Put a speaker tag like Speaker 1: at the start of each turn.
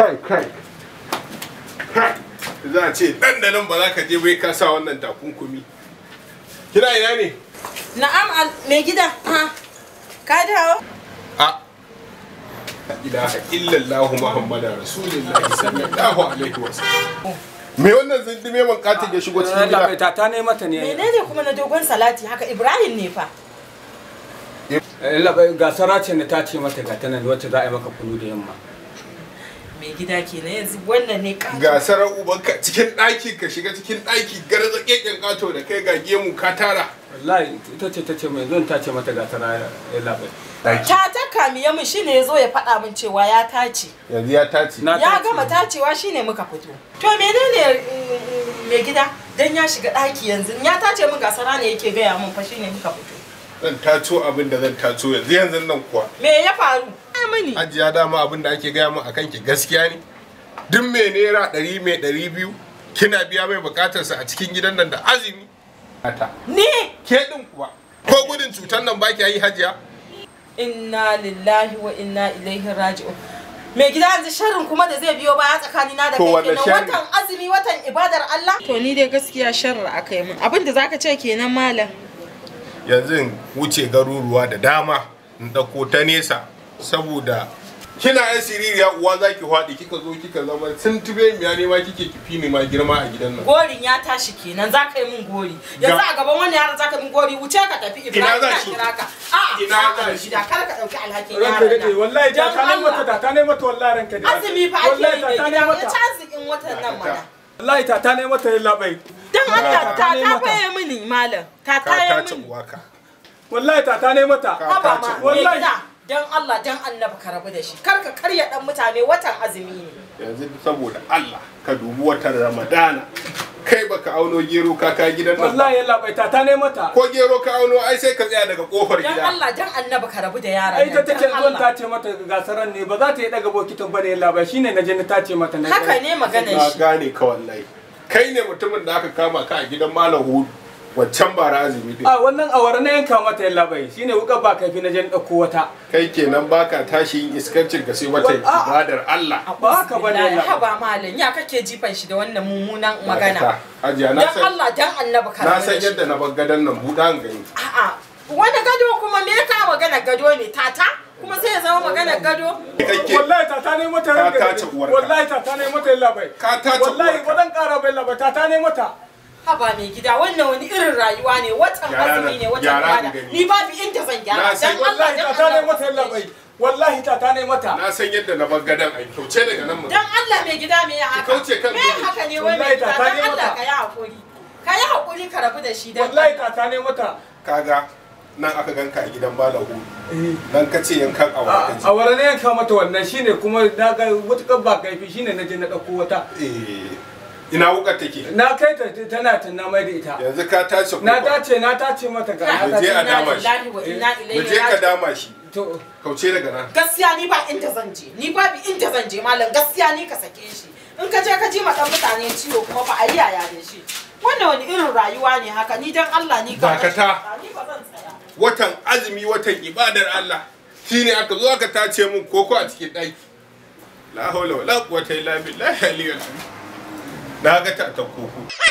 Speaker 1: kai kai za a ce dan da nan ba za ka je bai ka sa wannan takunkumi kina ina ne
Speaker 2: na'am mai gida ka dawo
Speaker 1: a ilaha illallahu muhammadar rasulullahi sallallahu alaihi wasallam me wannan zindime man katin ya shigo cikin gida ta ta ne mata ne menene
Speaker 2: kuma na dogon salati haka ibrahim ne fa
Speaker 1: eh, labai gasara ce na ta ce mata ga tanan wacce za a yi maka kunu da yamma mai gida kenan yanzu wannan ne ka gasar ubanka cikin ɗaki ka shiga cikin ɗaki garza keken kato da kai ga gemu ka tara wallahi ita ce ta ce mai zan ta ce mata gasar tana ya labai ta
Speaker 2: ta ya mu shine yazo ya faɗa min cewa ya tace
Speaker 1: yanzu ya tace ya gama
Speaker 2: tacewa shine muka fito to menene mm, mm, mai gida dan ya shiga ɗaki yanzu ya tace min gasara ne yake gaya min fa shine muka fito
Speaker 1: zan taso abin da zan taso yanzu yanzu nan kuwa me ya faru ai mani ajiya dama abin da ake gaya min akan ki gaskiya ne duk me nera ɗari me ɗari biyu kina biya mai sa a cikin gidan nan da azumi ne ke din kuwa ko gudun cutar nan baki yi hajiya
Speaker 2: inna lillahi wa inna ilaihi raji'un mai gida yanzu sharrin kuma da zai biyo baya tsakani na da kai kenan watan azumi watan ibadar Allah to ni dai gaskiya sharri akai min abin da zaka ce kenan malam
Speaker 1: yanzu wuce garuruwa da dama in ɗauko ta nesa saboda kina yan siririya uwa za ki kika zo kika zama sun tube mi ya nema kike kifi ne ma girma a gidan nan
Speaker 2: gorin ya tashi kenan za ka yi min
Speaker 1: gori yanzu
Speaker 2: a gaban wani yaran za ka yi min gori wuce ka tafi ibrahim ina kira ka a ah, ina za shi da kar ka ɗauki alhakin yaron ranka dade wallahi ja ta nemi mata
Speaker 1: ta nemi mata wallahi ranka dade azumi fa ake yi ne ta nemi mata
Speaker 2: ta watan nan mana
Speaker 1: wallahi ta ta nemi mata yin labai dan Allah ta ta faye mini malam ta ta ya mini wallahi ta ta ne mata wallahi
Speaker 2: dan Allah dan annabi ka rabu da shi kar karya dan mutane watan azumi
Speaker 1: ne yanzu saboda Allah ka dubi watan Ramadana kai baka auno gero ka ka gidan nan wallahi yalla bai tata ne mata ko gero ka auno ai sai ka tsaya daga kofar gida
Speaker 2: dan Allah dan annabi ka rabu da yaran ai ta take zuwa
Speaker 1: ta ce mata gasaran ne ba za ta yi daga bokitin bane yalla ba shine naje ni ta ce mata haka ne maganar shi gane ka wallahi kai ne mutumin da aka kama ka a gidan malam hudu waccan bara azumi din a wannan awara na yanka mata yalla bai shine wuka ba kaifi na jan dauko wata kai kenan baka tashi yin iskancin ka sai wata ibadar Allah ba ka bane Allah ba
Speaker 2: malam ya kake jifan shi da wannan mummunan magana ajiya na san Allah dan annabi ka na san yadda
Speaker 1: na bar gadan nan buɗan gani
Speaker 2: a'a wani gado kuma me ka magana gado ne tata kuma sai ya zama magana gado
Speaker 1: wallahi tata ne mata ranka wallahi tata ne mata labai wallahi ba zan kara bai labai haba
Speaker 2: mai gida wannan wani irin rayuwa ne watan azumi ne watan ni inda zan gyara dan Allah
Speaker 1: labai wallahi na san yadda na bar gadan ai kauce daga nan mu
Speaker 2: dan Allah mai gida haka kauce kan me haka ne wai mai gida dan Allah ka yi hakuri ka yi hakuri ka rabu da shi dan wallahi tata mata
Speaker 1: kaga nan aka ganka a gidan bala hu eh. nan ka ce yankan awara ah, a awara ne yanka mata wannan shine kuma na ga wutukar ba kaifi shine na je na dauko wata Eh, ina wukar take na kai ta tana tana mai da ita yanzu ka tace na tace na tace mata ga na je a dama shi mu je ka dama shi to kauce daga nan
Speaker 2: gaskiya ni ba inda zan je ni ba bi inda zan je malam gaskiya ni ka sake shi in ka je ka ji ma kan mutane ciwo kuma ba a yi yaya da shi wannan wani irin rayuwa ne haka ni dan Allah ni ka ta ni ba zan
Speaker 1: watan azumi watan ibadar Allah shine aka zo aka tace mun koko a cikin ɗaki la hawla wala quwwata illa billahi aliyyul azim na ga ta ta koko